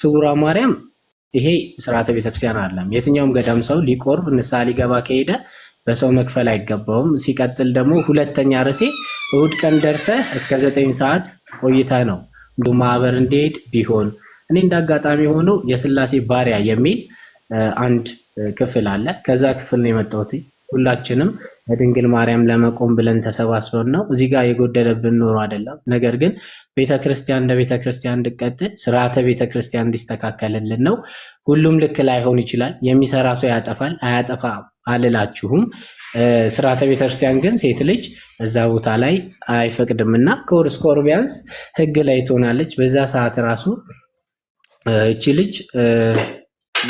ስውሯ ማርያም ይሄ ስርዓተ ቤተክርስቲያን አለም። የትኛውም ገዳም ሰው ሊቆርብ ንስሐ ሊገባ ከሄደ በሰው መክፈል አይገባውም። ሲቀጥል ደግሞ ሁለተኛ ርሴ እሁድ ቀን ደርሰ እስከ ዘጠኝ ሰዓት ቆይታ ነው እንዱ ማህበር እንዲሄድ ቢሆን እኔ እንደ አጋጣሚ ሆኖ የስላሴ ባሪያ የሚል አንድ ክፍል አለ። ከዛ ክፍል ነው የመጣሁት። ሁላችንም በድንግል ማርያም ለመቆም ብለን ተሰባስበን ነው። እዚህ ጋር የጎደለብን ኖሮ አይደለም። ነገር ግን ቤተክርስቲያን እንደ ቤተክርስቲያን እንድቀጥል ስርዓተ ቤተክርስቲያን እንዲስተካከልልን ነው። ሁሉም ልክ ላይሆን ይችላል። የሚሰራ ሰው ያጠፋል። አያጠፋ አልላችሁም። ስርዓተ ቤተክርስቲያን ግን ሴት ልጅ እዛ ቦታ ላይ አይፈቅድም እና ከወር እስከ ወር ቢያንስ ህግ ላይ ትሆናለች። በዛ ሰዓት ራሱ እቺ ልጅ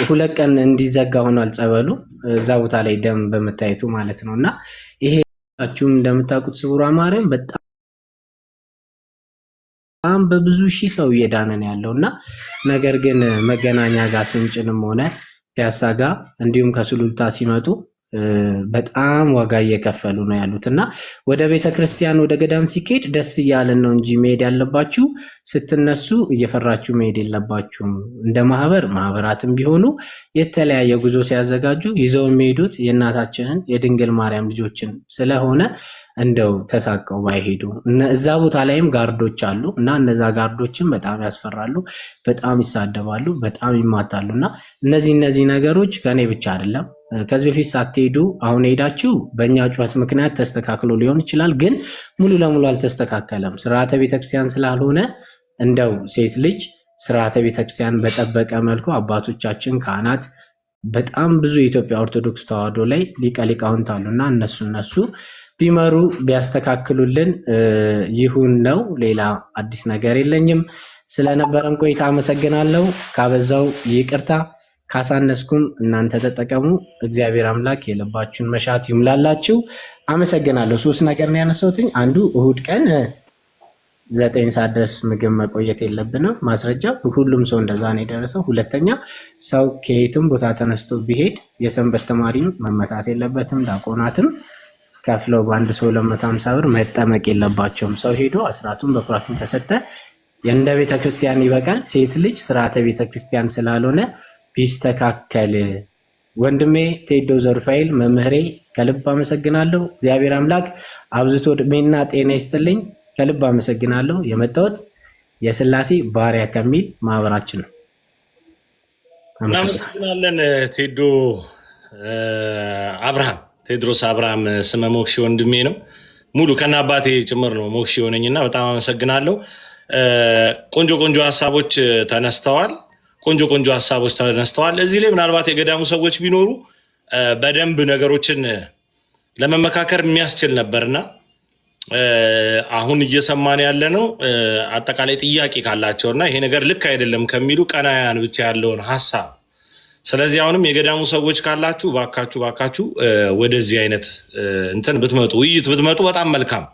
ሁለት ቀን እንዲዘጋ ሆኗል ጸበሉ እዛ ቦታ ላይ ደም በመታየቱ ማለት ነው። እና ይሄ ሁላችሁም እንደምታውቁት ስውሯ ማርያም በጣም በብዙ ሺህ ሰው እየዳነን ያለው እና ነገር ግን መገናኛ ጋር ስንጭንም ሆነ ፒያሳ ጋር እንዲሁም ከሱሉልታ ሲመጡ በጣም ዋጋ እየከፈሉ ነው ያሉት እና ወደ ቤተ ክርስቲያን ወደ ገዳም ሲኬድ ደስ እያለን ነው እንጂ መሄድ ያለባችሁ። ስትነሱ እየፈራችሁ መሄድ የለባችሁም። እንደ ማህበር ማህበራትም ቢሆኑ የተለያየ ጉዞ ሲያዘጋጁ ይዘው የሚሄዱት የእናታችንን የድንግል ማርያም ልጆችን ስለሆነ እንደው ተሳቀው ባይሄዱ። እዛ ቦታ ላይም ጋርዶች አሉ እና እነዛ ጋርዶችን በጣም ያስፈራሉ፣ በጣም ይሳደባሉ፣ በጣም ይማታሉ እና እነዚህ እነዚህ ነገሮች ከኔ ብቻ አይደለም ከዚህ በፊት ሳትሄዱ አሁን ሄዳችሁ በእኛ ጩኸት ምክንያት ተስተካክሎ ሊሆን ይችላል፣ ግን ሙሉ ለሙሉ አልተስተካከለም። ስርዓተ ቤተክርስቲያን ስላልሆነ እንደው ሴት ልጅ ስርዓተ ቤተክርስቲያን በጠበቀ መልኩ አባቶቻችን ካህናት በጣም ብዙ የኢትዮጵያ ኦርቶዶክስ ተዋህዶ ላይ ሊቀ ሊቃውንት አሉና እነሱ እነሱ ቢመሩ ቢያስተካክሉልን ይሁን ነው። ሌላ አዲስ ነገር የለኝም። ስለነበረን ቆይታ አመሰግናለሁ። ካበዛው ይቅርታ። ካሳነስኩም እናንተ ተጠቀሙ። እግዚአብሔር አምላክ የልባችሁን መሻት ይምላላችሁ። አመሰግናለሁ። ሶስት ነገር ነው ያነሳሁትኝ። አንዱ እሁድ ቀን ዘጠኝ ሰዓት ድረስ ምግብ መቆየት የለብንም። ማስረጃ ሁሉም ሰው እንደዛ ነው የደረሰው። ሁለተኛ ሰው ከየትም ቦታ ተነስቶ ቢሄድ የሰንበት ተማሪም መመታት የለበትም። ዲያቆናትም ከፍለው በአንድ ሰው ለመቶ ሃምሳ ብር መጠመቅ የለባቸውም። ሰው ሄዶ አስራቱን በኩራቱን ከሰጠ እንደ ቤተክርስቲያን ይበቃል። ሴት ልጅ ስርዓተ ቤተክርስቲያን ስላልሆነ ቢስተካከል። ወንድሜ ቴዶ ዘርፋኤል መምህሬ ከልብ አመሰግናለሁ። እግዚአብሔር አምላክ አብዝቶ እድሜና ጤና ይስጥልኝ። ከልብ አመሰግናለሁ። የመጣሁት የስላሴ ባሪያ ከሚል ማህበራችን ነው። እናመሰግናለን ቴዶ አብርሃም ቴድሮስ አብርሃም ስመ ሞክሺ ወንድሜ ነው። ሙሉ ከነ አባቴ ጭምር ነው ሞክሺ የሆነኝና በጣም አመሰግናለሁ። ቆንጆ ቆንጆ ሀሳቦች ተነስተዋል። ቆንጆ ቆንጆ ሀሳቦች ተነስተዋል። እዚህ ላይ ምናልባት የገዳሙ ሰዎች ቢኖሩ በደንብ ነገሮችን ለመመካከር የሚያስችል ነበርና አሁን እየሰማን ያለ ነው። አጠቃላይ ጥያቄ ካላቸው ና ይሄ ነገር ልክ አይደለም ከሚሉ ቀናያን ብቻ ያለውን ሀሳብ ስለዚህ አሁንም የገዳሙ ሰዎች ካላችሁ ባካችሁ ባካችሁ ወደዚህ አይነት እንትን ብትመጡ ውይይት ብትመጡ በጣም መልካም።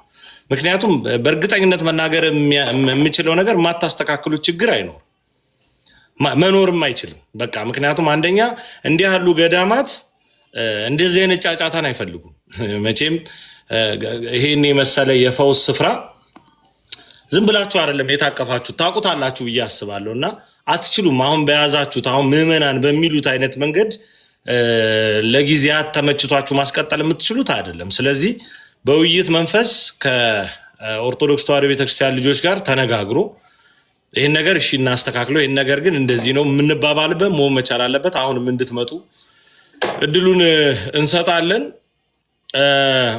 ምክንያቱም በእርግጠኝነት መናገር የምችለው ነገር የማታስተካክሉት ችግር አይኖር መኖርም አይችልም። በቃ ምክንያቱም አንደኛ እንዲህ ያሉ ገዳማት እንደዚህ አይነት ጫጫታን አይፈልጉም። መቼም ይሄን የመሰለ የፈውስ ስፍራ ዝም ብላችሁ አይደለም የታቀፋችሁ ታውቁታላችሁ ብዬ አስባለሁ እና አትችሉም። አሁን በያዛችሁት አሁን ምዕመናን በሚሉት አይነት መንገድ ለጊዜያት ተመችቷችሁ ማስቀጠል የምትችሉት አይደለም። ስለዚህ በውይይት መንፈስ ከኦርቶዶክስ ተዋሕዶ ቤተክርስቲያን ልጆች ጋር ተነጋግሮ ይህን ነገር እሺ እናስተካክለው፣ ይህን ነገር ግን እንደዚህ ነው የምንባባልበት መሆን መቻል አለበት። አሁንም እንድትመጡ እድሉን እንሰጣለን።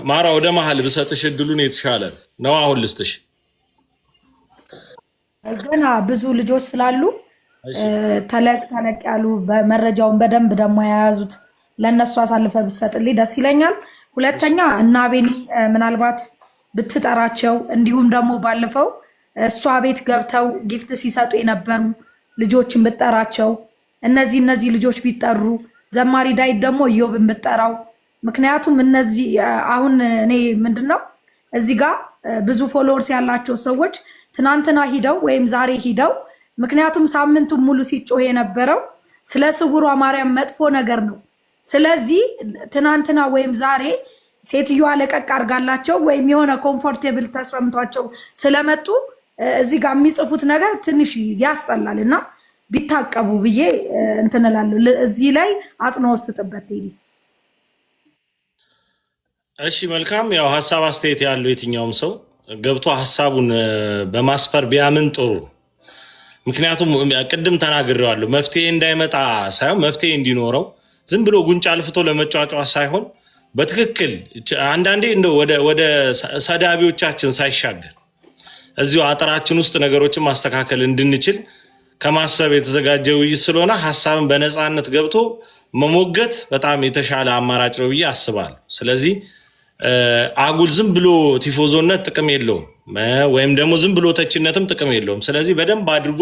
ማራ ወደ መሀል ብሰጥሽ እድሉን የተሻለ ነው። አሁን ልስጥሽ። ገና ብዙ ልጆች ስላሉ ተለቅ ተለቅ ያሉ መረጃውን በደንብ ደግሞ የያዙት ለእነሱ አሳልፈ ብሰጥልኝ ደስ ይለኛል። ሁለተኛ እና ቤኒ ምናልባት ብትጠራቸው እንዲሁም ደግሞ ባለፈው እሷ ቤት ገብተው ጊፍት ሲሰጡ የነበሩ ልጆችን ብጠራቸው እነዚህ እነዚህ ልጆች ቢጠሩ ዘማሪ ዳዊት ደግሞ እዮብ ብጠራው። ምክንያቱም እነዚህ አሁን እኔ ምንድን ነው እዚህ ጋር ብዙ ፎሎወርስ ያላቸው ሰዎች ትናንትና ሂደው ወይም ዛሬ ሂደው ምክንያቱም ሳምንቱን ሙሉ ሲጮህ የነበረው ስለ ስውሯ ማርያም መጥፎ ነገር ነው። ስለዚህ ትናንትና ወይም ዛሬ ሴትዮዋ ለቀቅ አድርጋላቸው ወይም የሆነ ኮምፎርቴብል ተስፈምቷቸው ስለመጡ እዚህ ጋር የሚጽፉት ነገር ትንሽ ያስጠላል እና ቢታቀቡ ብዬ እንትን እዚህ ላይ አጽንኦት ስጥበት እሺ መልካም። ያው ሀሳብ አስተያየት ያለው የትኛውም ሰው ገብቶ ሀሳቡን በማስፈር ቢያምን ጥሩ። ምክንያቱም ቅድም ተናግሬዋለሁ፣ መፍትሄ እንዳይመጣ ሳይሆን መፍትሄ እንዲኖረው ዝም ብሎ ጉንጫ አልፍቶ ለመጫጫዋ ሳይሆን በትክክል አንዳንዴ እንደ ወደ ሰዳቢዎቻችን ሳይሻገር እዚሁ አጥራችን ውስጥ ነገሮችን ማስተካከል እንድንችል ከማሰብ የተዘጋጀ ውይይት ስለሆነ ሀሳብን በነፃነት ገብቶ መሞገት በጣም የተሻለ አማራጭ ነው ብዬ አስባለሁ። ስለዚህ አጉል ዝም ብሎ ቲፎዞነት ጥቅም የለውም፣ ወይም ደግሞ ዝም ብሎ ተችነትም ጥቅም የለውም። ስለዚህ በደንብ አድርጎ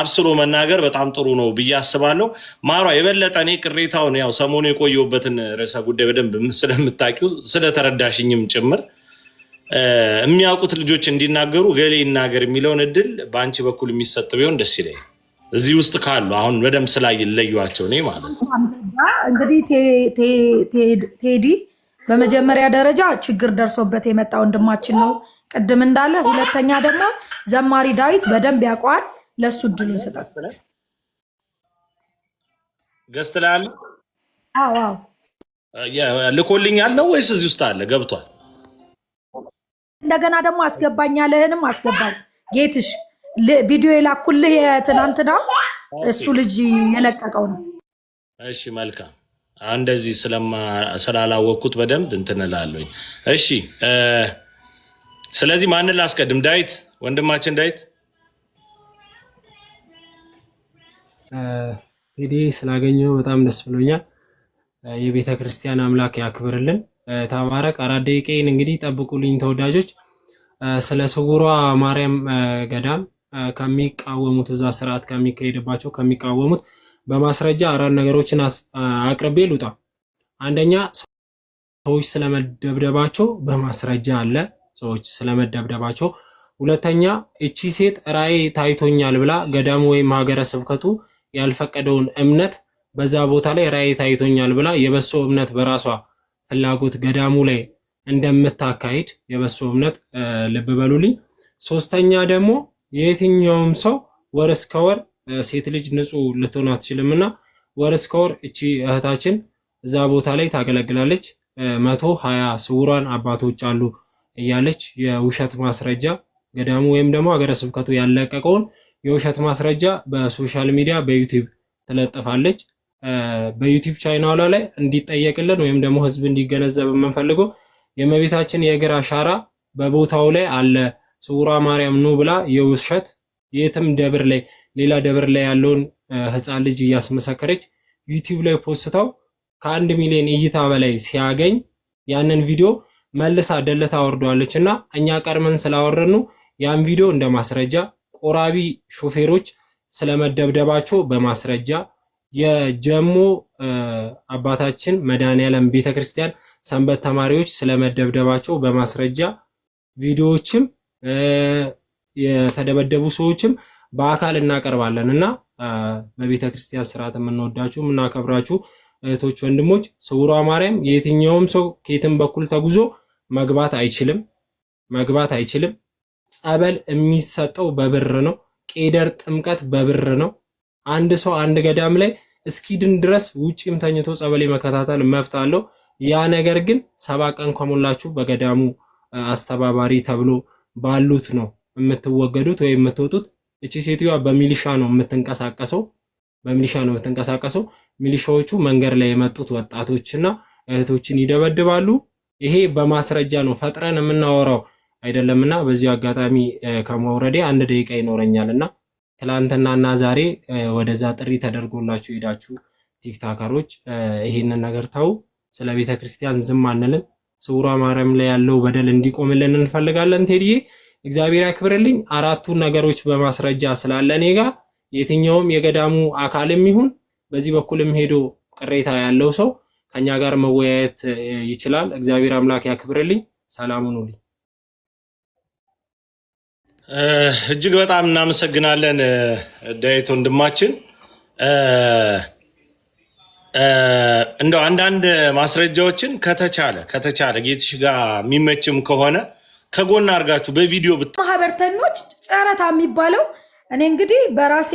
አብስሎ መናገር በጣም ጥሩ ነው ብዬ አስባለሁ። ማሯ የበለጠ እኔ ቅሬታውን ያው ሰሞኑ የቆየሁበትን ርዕሰ ጉዳይ በደንብ ስለምታውቂው ስለተረዳሽኝም ጭምር የሚያውቁት ልጆች እንዲናገሩ ገሌ ይናገር የሚለውን እድል በአንቺ በኩል የሚሰጥ ቢሆን ደስ ይለኛል። እዚህ ውስጥ ካሉ አሁን በደምብ ስላይለዩቸው እኔ ማለት ነው። እንግዲህ ቴዲ በመጀመሪያ ደረጃ ችግር ደርሶበት የመጣ ወንድማችን ነው ቅድም እንዳለ፣ ሁለተኛ ደግሞ ዘማሪ ዳዊት በደንብ ያውቀዋል። ለሱ እድሉ ስጠት ገስት ላይ አለ ልኮልኛል ነው ወይስ እዚህ ውስጥ አለ ገብቷል? እንደገና ደግሞ አስገባኝ ያለህንም አስገባኝ። ጌትሽ ቪዲዮ የላኩልህ የትናንትና እሱ ልጅ የለቀቀው ነው። እሺ መልካም እንደዚህ ስላላወቅኩት በደንብ እንትን እላለሁኝ። እሺ ስለዚህ ማንን ላስቀድም? ዳዊት ወንድማችን ዳዊት እንግዲህ ስላገኘው በጣም ደስ ብሎኛል። የቤተ ክርስቲያን አምላክ ያክብርልን። ታማረቅ አራት ደቂቃዬን እንግዲህ ጠብቁልኝ ተወዳጆች። ስለ ስውሯ ማርያም ገዳም ከሚቃወሙት እዛ ስርዓት ከሚካሄድባቸው ከሚቃወሙት በማስረጃ አራት ነገሮችን አቅርቤ ልውጣ። አንደኛ ሰዎች ስለመደብደባቸው በማስረጃ አለ፣ ሰዎች ስለመደብደባቸው። ሁለተኛ እቺ ሴት ራእይ ታይቶኛል ብላ ገዳሙ ወይም ሀገረ ስብከቱ ያልፈቀደውን እምነት በዛ ቦታ ላይ ራእይ ታይቶኛል ብላ የበሶ እምነት በራሷ ፍላጎት ገዳሙ ላይ እንደምታካሂድ የበሶ እምነት ልብ በሉልኝ። ሶስተኛ ደግሞ የየትኛውም ሰው ወር እስከ ወር ሴት ልጅ ንጹህ ልትሆን አትችልምና ወር እስከ ወር እቺ እህታችን እዛ ቦታ ላይ ታገለግላለች። መቶ ሀያ ስውራን አባቶች አሉ እያለች የውሸት ማስረጃ ገዳሙ ወይም ደግሞ ሀገረ ስብከቱ ያለቀቀውን የውሸት ማስረጃ በሶሻል ሚዲያ በዩቲዩብ ትለጥፋለች። በዩቲዩብ ቻናሏ ላይ እንዲጠየቅልን ወይም ደግሞ ህዝብ እንዲገነዘብ የምንፈልገው የእመቤታችን የእግር አሻራ በቦታው ላይ አለ። ስውሯ ማርያም ኑ ብላ የውሸት የትም ደብር ላይ ሌላ ደብር ላይ ያለውን ህፃን ልጅ እያስመሰከረች ዩቲዩብ ላይ ፖስተው ከአንድ ሚሊዮን እይታ በላይ ሲያገኝ ያንን ቪዲዮ መልሳ ደለታ አወርደዋለች እና እኛ ቀድመን ስላወረኑ ያን ቪዲዮ እንደ ማስረጃ ቆራቢ ሾፌሮች ስለመደብደባቸው በማስረጃ የጀሞ አባታችን መድኃኔዓለም ቤተክርስቲያን ሰንበት ተማሪዎች ስለመደብደባቸው በማስረጃ ቪዲዮዎችም የተደበደቡ ሰዎችም በአካል እናቀርባለን እና በቤተክርስቲያን ስርዓት የምንወዳችሁ የምናከብራችሁ እህቶች ወንድሞች፣ ስውሯ ማርያም የትኛውም ሰው ከየትም በኩል ተጉዞ መግባት አይችልም፣ መግባት አይችልም። ጸበል የሚሰጠው በብር ነው። ቄደር ጥምቀት በብር ነው። አንድ ሰው አንድ ገዳም ላይ እስኪድን ድረስ ውጪም ተኝቶ ጸበል መከታተል መብት አለው። ያ ነገር ግን ሰባ ቀን ከሞላችሁ በገዳሙ አስተባባሪ ተብሎ ባሉት ነው የምትወገዱት ወይም የምትወጡት። እቺ ሴትዮዋ በሚሊሻ ነው የምትንቀሳቀሰው፣ በሚሊሻ ነው የምትንቀሳቀሰው። ሚሊሻዎቹ መንገድ ላይ የመጡት ወጣቶችና እህቶችን ይደበድባሉ። ይሄ በማስረጃ ነው ፈጥረን የምናወራው አይደለምና፣ በዚሁ አጋጣሚ ከመውረዴ አንድ ደቂቃ ይኖረኛልና ትላንትና እና ዛሬ ወደዛ ጥሪ ተደርጎላችሁ ሄዳችሁ ቲክታከሮች ይሄንን ነገር ተው፣ ስለ ቤተ ክርስቲያን ዝም አንልም፣ ስውሯ ማርያም ላይ ያለው በደል እንዲቆምልን እንፈልጋለን። ቴዲዬ እግዚአብሔር ያክብርልኝ። አራቱን ነገሮች በማስረጃ ስላለ እኔ ጋ የትኛውም የገዳሙ አካልም ይሁን በዚህ በኩልም ሄዶ ቅሬታ ያለው ሰው ከኛ ጋር መወያየት ይችላል። እግዚአብሔር አምላክ ያክብርልኝ። ሰላሙን ሁሉ እጅግ በጣም እናመሰግናለን ዳዊት ወንድማችን። እንደው አንዳንድ ማስረጃዎችን ከተቻለ ከተቻለ ጌትሽ ጋር የሚመችም ከሆነ ከጎን አድርጋችሁ በቪዲዮ ማህበርተኞች ጨረታ የሚባለው እኔ እንግዲህ በራሴ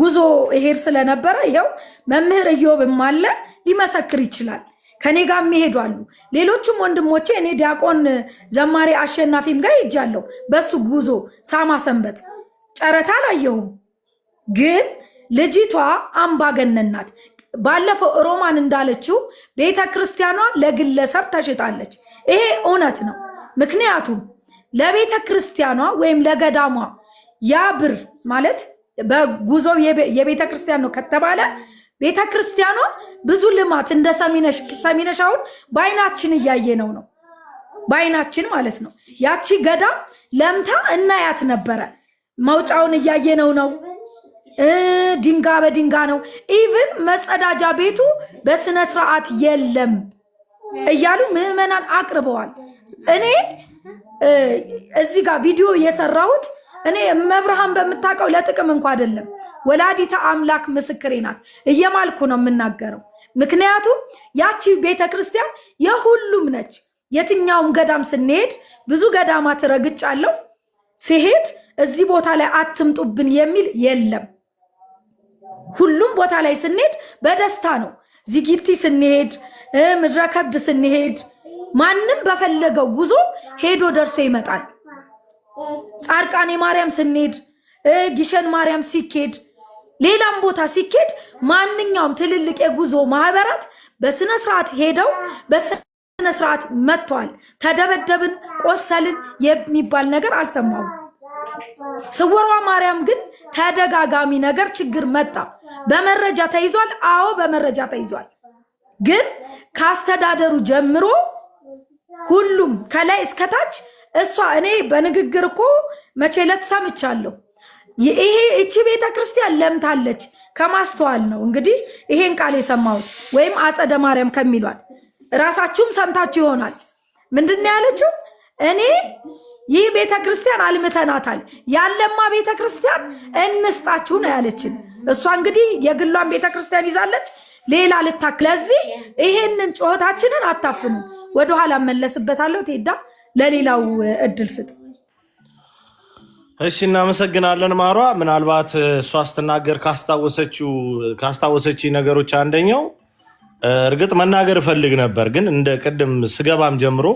ጉዞ እሄድ ስለነበረ ይኸው መምህር እዮብም አለ ሊመሰክር ይችላል። ከኔ ጋር የሚሄዱ አሉ። ሌሎችም ወንድሞቼ እኔ ዲያቆን ዘማሪ አሸናፊም ጋር ሄጃለሁ። በሱ ጉዞ ሳማ ሰንበት ጨረታ አላየሁም። ግን ልጅቷ አምባገነን ናት። ባለፈው ሮማን እንዳለችው ቤተ ክርስቲያኗ ለግለሰብ ተሽጣለች። ይሄ እውነት ነው። ምክንያቱም ለቤተ ክርስቲያኗ ወይም ለገዳሟ ያ ብር ማለት በጉዞ የቤተ ክርስቲያን ነው ከተባለ ቤተ ክርስቲያኗ ብዙ ልማት እንደ ሰሚነሽ ሰሚነሽ አሁን በአይናችን እያየነው ነው በአይናችን ማለት ነው። ያቺ ገዳም ለምታ እናያት ነበረ። መውጫውን እያየነው ነው። ድንጋ በድንጋ ነው። ኢቭን መጸዳጃ ቤቱ በስነ ስርዓት የለም እያሉ ምዕመናን አቅርበዋል። እኔ እዚህ ጋር ቪዲዮ የሰራሁት እኔ መብርሃን በምታውቀው ለጥቅም እንኳ አይደለም። ወላዲተ አምላክ ምስክሬ ናት። እየማልኩ ነው የምናገረው። ምክንያቱም ያቺ ቤተ ክርስቲያን የሁሉም ነች። የትኛውም ገዳም ስንሄድ ብዙ ገዳማት ረግጫለሁ ሲሄድ እዚህ ቦታ ላይ አትምጡብን የሚል የለም። ሁሉም ቦታ ላይ ስንሄድ በደስታ ነው። ዚጊቲ ስንሄድ፣ ምድረከብድ ስንሄድ ማንም በፈለገው ጉዞ ሄዶ ደርሶ ይመጣል። ጻርቃኔ ማርያም ስንሄድ፣ ጊሸን ማርያም ሲኬድ ሌላም ቦታ ሲኬድ ማንኛውም ትልልቅ የጉዞ ማህበራት በስነ ስርዓት ሄደው በስነ ስርዓት መጥተዋል። ተደበደብን፣ ቆሰልን የሚባል ነገር አልሰማሁም። ስውሯ ማርያም ግን ተደጋጋሚ ነገር ችግር መጣ። በመረጃ ተይዟል። አዎ በመረጃ ተይዟል። ግን ከአስተዳደሩ ጀምሮ ሁሉም ከላይ እስከታች እሷ እኔ በንግግር እኮ መቼ ዕለት ሰምቻለሁ ይሄ እቺ ቤተ ክርስቲያን ለምታለች ከማስተዋል ነው እንግዲህ ይሄን ቃል የሰማሁት ወይም አጸደ ማርያም ከሚሏት ራሳችሁም ሰምታችሁ ይሆናል። ምንድን ነው ያለችው? እኔ ይህ ቤተ ክርስቲያን አልምተናታል ያለማ ቤተ ክርስቲያን እንስጣችሁ ነው ያለችን። እሷ እንግዲህ የግሏን ቤተ ክርስቲያን ይዛለች፣ ሌላ ልታክ። ለዚህ ይሄንን ጩኸታችንን አታፍኑ። ወደኋላ መለስበታለሁ። ቴዳ ለሌላው እድል ስጥ። እሺ እናመሰግናለን ማሯ። ምናልባት እሷ ስትናገር ካስታወሰች ነገሮች አንደኛው እርግጥ መናገር እፈልግ ነበር፣ ግን እንደ ቅድም ስገባም ጀምሮ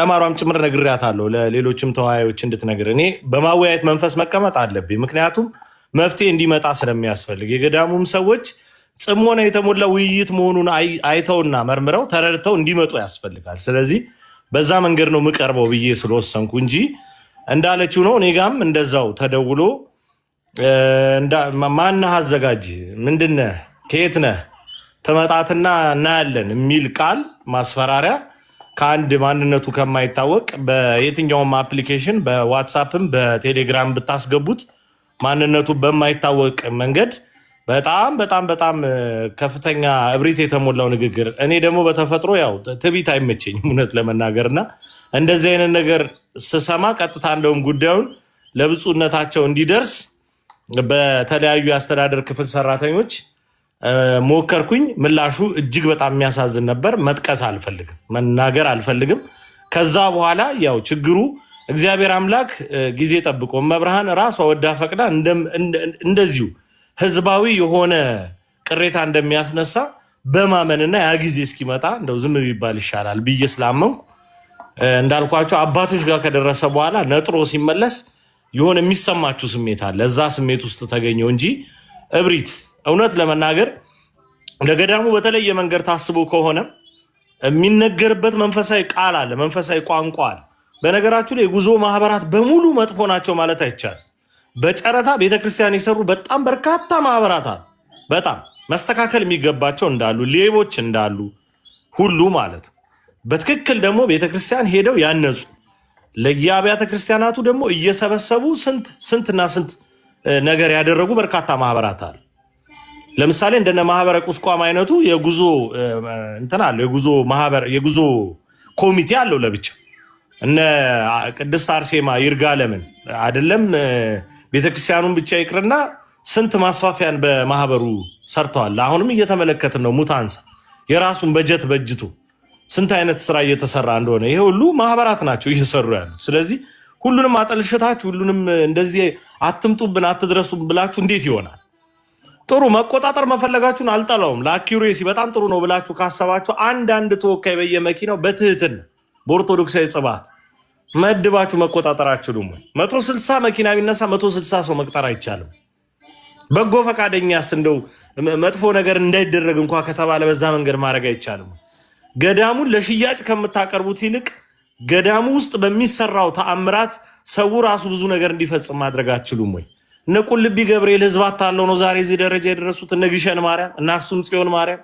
ለማሯም ጭምር ነግሬያታለሁ፣ ለሌሎችም ተወያዮች እንድትነግር እኔ በማወያየት መንፈስ መቀመጥ አለብኝ። ምክንያቱም መፍትሄ እንዲመጣ ስለሚያስፈልግ የገዳሙም ሰዎች ጽሞና የተሞላ ውይይት መሆኑን አይተውና መርምረው ተረድተው እንዲመጡ ያስፈልጋል። ስለዚህ በዛ መንገድ ነው የምቀርበው ብዬ ስለወሰንኩ እንጂ እንዳለችው ነው። እኔ ጋም እንደዛው ተደውሎ ማነህ አዘጋጅ ምንድነ ከየት ነህ ትመጣትና እናያለን የሚል ቃል ማስፈራሪያ ከአንድ ማንነቱ ከማይታወቅ በየትኛውም አፕሊኬሽን በዋትሳፕም በቴሌግራም ብታስገቡት ማንነቱ በማይታወቅ መንገድ በጣም በጣም በጣም ከፍተኛ እብሪት የተሞላው ንግግር። እኔ ደግሞ በተፈጥሮ ያው ትቢት አይመቸኝም እውነት ለመናገርና እንደዚህ አይነት ነገር ስሰማ ቀጥታ እንደውም ጉዳዩን ለብፁነታቸው እንዲደርስ በተለያዩ የአስተዳደር ክፍል ሰራተኞች ሞከርኩኝ። ምላሹ እጅግ በጣም የሚያሳዝን ነበር። መጥቀስ አልፈልግም፣ መናገር አልፈልግም። ከዛ በኋላ ያው ችግሩ እግዚአብሔር አምላክ ጊዜ ጠብቆ መብርሃን ራሷ ወዳ ፈቅዳ እንደዚሁ ህዝባዊ የሆነ ቅሬታ እንደሚያስነሳ በማመንና ያ ጊዜ እስኪመጣ እንደው ዝም ቢባል ይሻላል ብዬ ስላመንኩ እንዳልኳቸው አባቶች ጋር ከደረሰ በኋላ ነጥሮ ሲመለስ የሆነ የሚሰማችሁ ስሜት አለ። እዛ ስሜት ውስጥ ተገኘው እንጂ እብሪት እውነት ለመናገር ለገዳሙ በተለየ መንገድ ታስቦ ከሆነ የሚነገርበት መንፈሳዊ ቃል አለ፣ መንፈሳዊ ቋንቋ አለ። በነገራችሁ ላይ የጉዞ ማህበራት በሙሉ መጥፎ ናቸው ማለት አይቻል። በጨረታ ቤተክርስቲያን የሰሩ በጣም በርካታ ማህበራት አሉ። በጣም መስተካከል የሚገባቸው እንዳሉ ሌቦች እንዳሉ ሁሉ ማለት በትክክል ደግሞ ቤተክርስቲያን ሄደው ያነጹ ለየአብያተ ክርስቲያናቱ ደግሞ እየሰበሰቡ ስንት ስንትና ስንት ነገር ያደረጉ በርካታ ማህበራት አሉ። ለምሳሌ እንደነ ማህበረ ቁስቋም አይነቱ የጉዞ እንትን አለው። የጉዞ ማህበር የጉዞ ኮሚቴ አለው ለብቻ። እነ ቅድስት አርሴማ ለምን አይደለም ቤተክርስቲያኑን ብቻ ይቅርና ስንት ማስፋፊያን በማህበሩ ሰርተዋል። አሁንም እየተመለከትን ነው። ሙታንሳ የራሱን በጀት በጅቱ ስንት አይነት ስራ እየተሰራ እንደሆነ ይሄ ሁሉ ማህበራት ናቸው እየሰሩ ያሉት። ስለዚህ ሁሉንም አጠልሸታችሁ ሁሉንም እንደዚህ አትምጡብን አትድረሱም ብላችሁ እንዴት ይሆናል? ጥሩ መቆጣጠር መፈለጋችሁን አልጠላውም። ለአኪሬሲ በጣም ጥሩ ነው ብላችሁ ካሰባችሁ አንዳንድ ተወካይ በየመኪናው በትህትና በኦርቶዶክሳዊ ጽባት መድባችሁ መቆጣጠር አችሉም ወይ? መቶ ስልሳ መኪና ቢነሳ መቶ ስልሳ ሰው መቅጠር አይቻልም። በጎ ፈቃደኛስ እንደው መጥፎ ነገር እንዳይደረግ እንኳ ከተባለ በዛ መንገድ ማድረግ አይቻልም። ገዳሙን ለሽያጭ ከምታቀርቡት ይልቅ ገዳሙ ውስጥ በሚሰራው ተአምራት ሰው ራሱ ብዙ ነገር እንዲፈጽም ማድረግ አትችሉም ወይ? እነ ቁልቢ ገብርኤል ህዝብ አታለው ነው ዛሬ እዚህ ደረጃ የደረሱት። እነ ግሸን ማርያም እና አክሱም ጽዮን ማርያም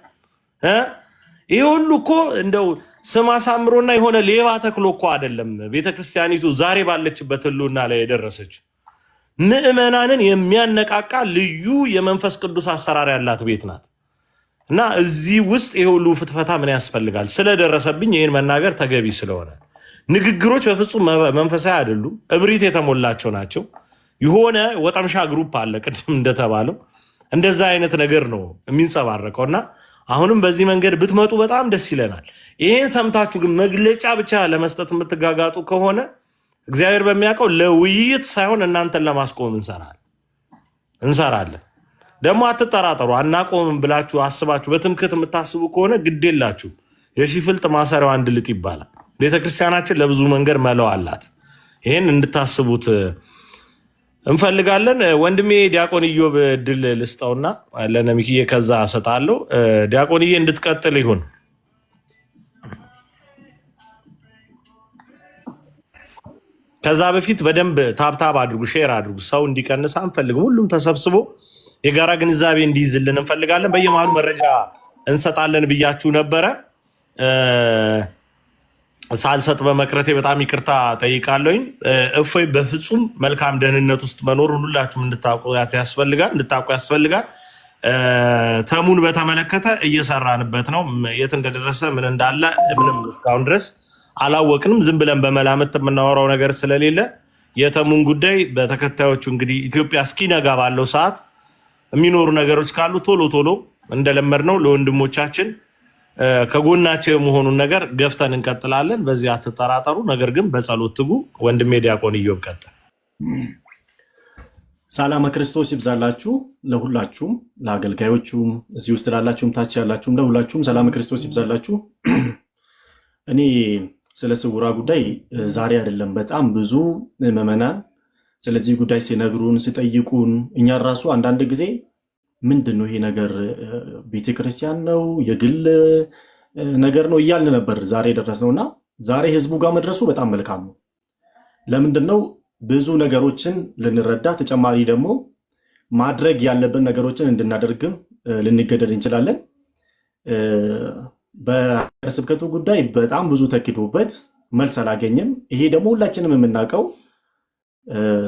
ይህ ሁሉ እኮ እንደው ስም አሳምሮና የሆነ ሌባ ተክሎ እኮ አይደለም ቤተክርስቲያኒቱ ዛሬ ባለችበት ህልውና ላይ የደረሰችው። ምዕመናንን የሚያነቃቃ ልዩ የመንፈስ ቅዱስ አሰራር ያላት ቤት ናት። እና እዚህ ውስጥ ይሄ ሁሉ ፍትፈታ ምን ያስፈልጋል? ስለደረሰብኝ ይህን መናገር ተገቢ ስለሆነ ንግግሮች በፍጹም መንፈሳዊ አይደሉም፣ እብሪት የተሞላቸው ናቸው። የሆነ ወጠምሻ ግሩፕ አለ፣ ቅድም እንደተባለው እንደዛ አይነት ነገር ነው የሚንጸባረቀው እና አሁንም በዚህ መንገድ ብትመጡ በጣም ደስ ይለናል። ይህን ሰምታችሁ ግን መግለጫ ብቻ ለመስጠት የምትጋጋጡ ከሆነ እግዚአብሔር በሚያውቀው ለውይይት ሳይሆን እናንተን ለማስቆም እንሰራለን እንሰራለን። ደግሞ አትጠራጠሩ። አናቆምም ብላችሁ አስባችሁ በትምክህት የምታስቡ ከሆነ ግድ የላችሁ። የሺህ ማሰሪያው አንድ ልጥ ይባላል። ቤተክርስቲያናችን ለብዙ መንገድ መለው አላት። ይህን እንድታስቡት እንፈልጋለን። ወንድሜ ዲያቆን ኢዮብ እድል ልስጠውና ለነሚክዬ ከዛ ሰጣለሁ። ዲያቆንዬ እንድትቀጥል ይሁን። ከዛ በፊት በደንብ ታብታብ አድርጉ፣ ሼር አድርጉ። ሰው እንዲቀንስ አንፈልግም። ሁሉም ተሰብስቦ የጋራ ግንዛቤ እንዲይዝልን እንፈልጋለን። በየመሃሉ መረጃ እንሰጣለን ብያችሁ ነበረ። ሳልሰጥ በመቅረቴ በጣም ይቅርታ ጠይቃለኝ። እፎይ በፍጹም መልካም ደህንነት ውስጥ መኖሩን ሁላችሁም እንድታውቁ ያስፈልጋል እንድታውቁ ያስፈልጋል። ተሙን በተመለከተ እየሰራንበት ነው። የት እንደደረሰ ምን እንዳለ ምንም እስካሁን ድረስ አላወቅንም። ዝም ብለን በመላምት የምናወራው ነገር ስለሌለ የተሙን ጉዳይ በተከታዮቹ እንግዲህ ኢትዮጵያ እስኪነጋ ባለው ሰዓት የሚኖሩ ነገሮች ካሉ ቶሎ ቶሎ እንደለመድ ነው ለወንድሞቻችን ከጎናቸው የመሆኑን ነገር ገፍተን እንቀጥላለን። በዚህ አትጠራጠሩ። ነገር ግን በጸሎት ትጉ። ወንድሜ ዲያቆን እዮብ ቀጥል። ሰላመ ክርስቶስ ይብዛላችሁ ለሁላችሁም፣ ለአገልጋዮቹም፣ እዚህ ውስጥ ላላችሁም፣ ታች ያላችሁም ለሁላችሁም ሰላመ ክርስቶስ ይብዛላችሁ። እኔ ስለ ስውራ ጉዳይ ዛሬ አይደለም በጣም ብዙ ምዕመናን ስለዚህ ጉዳይ ሲነግሩን ሲጠይቁን፣ እኛ ራሱ አንዳንድ ጊዜ ምንድን ነው ይሄ ነገር ቤተክርስቲያን ነው የግል ነገር ነው እያልን ነበር ዛሬ ነው እና ዛሬ ህዝቡ ጋር መድረሱ በጣም መልካም ነው። ለምንድን ነው ብዙ ነገሮችን ልንረዳ ተጨማሪ ደግሞ ማድረግ ያለብን ነገሮችን እንድናደርግም ልንገደድ እንችላለን። በሀገረ ስብከቱ ጉዳይ በጣም ብዙ ተኪዶበት መልስ አላገኘም። ይሄ ደግሞ ሁላችንም የምናውቀው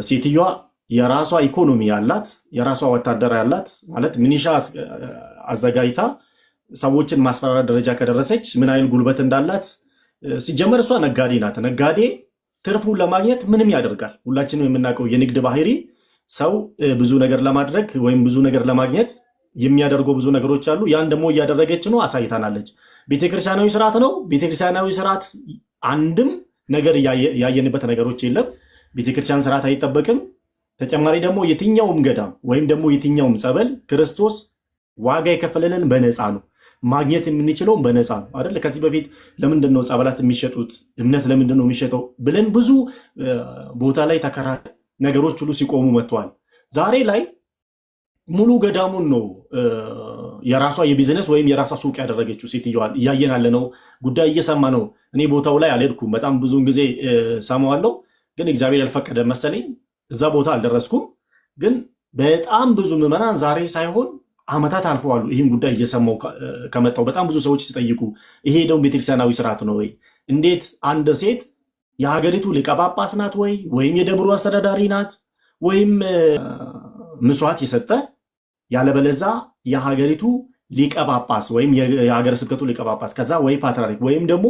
ሴትዮዋ የራሷ ኢኮኖሚ ያላት የራሷ ወታደር ያላት ማለት ሚኒሻ አዘጋጅታ ሰዎችን ማስፈራራት ደረጃ ከደረሰች ምን አይነት ጉልበት እንዳላት ሲጀመር እሷ ነጋዴ ናት። ነጋዴ ትርፉን ለማግኘት ምንም ያደርጋል። ሁላችንም የምናውቀው የንግድ ባህሪ ሰው ብዙ ነገር ለማድረግ ወይም ብዙ ነገር ለማግኘት የሚያደርገው ብዙ ነገሮች አሉ። ያን ደግሞ እያደረገች ነው፣ አሳይታናለች። ቤተክርስቲያናዊ ስርዓት ነው። ቤተክርስቲያናዊ ስርዓት አንድም ነገር ያየንበት ነገሮች የለም። ቤተክርስቲያን ስርዓት አይጠበቅም። ተጨማሪ ደግሞ የትኛውም ገዳም ወይም ደግሞ የትኛውም ጸበል ክርስቶስ ዋጋ የከፈለልን በነፃ ነው ማግኘት የምንችለውም በነፃ ነው አይደል? ከዚህ በፊት ለምንድን ነው ጸበላት የሚሸጡት? እምነት ለምንድን ነው የሚሸጠው? ብለን ብዙ ቦታ ላይ ተከራ ነገሮች ሁሉ ሲቆሙ መጥተዋል። ዛሬ ላይ ሙሉ ገዳሙን ነው የራሷ የቢዝነስ ወይም የራሷ ሱቅ ያደረገችው ሴትዮዋል። እያየን ያለነው ጉዳይ እየሰማ ነው። እኔ ቦታው ላይ አልሄድኩም። በጣም ብዙውን ጊዜ ሰማዋለሁ። ግን እግዚአብሔር ያልፈቀደ መሰለኝ እዛ ቦታ አልደረስኩም። ግን በጣም ብዙ ምዕመናን ዛሬ ሳይሆን አመታት አልፈዋሉ ይህን ጉዳይ እየሰማው ከመጣው በጣም ብዙ ሰዎች ሲጠይቁ ይሄ ደግሞ ቤተክርስቲያናዊ ስርዓት ነው ወይ? እንዴት አንድ ሴት የሀገሪቱ ሊቀ ጳጳስ ናት ወይ ወይም የደብሩ አስተዳዳሪ ናት ወይም ምስዋት የሰጠ ያለበለዛ የሀገሪቱ ሊቀ ጳጳስ ወይም የሀገረ ስብከቱ ሊቀ ጳጳስ ከዛ ወይ ፓትርያርክ ወይም ደግሞ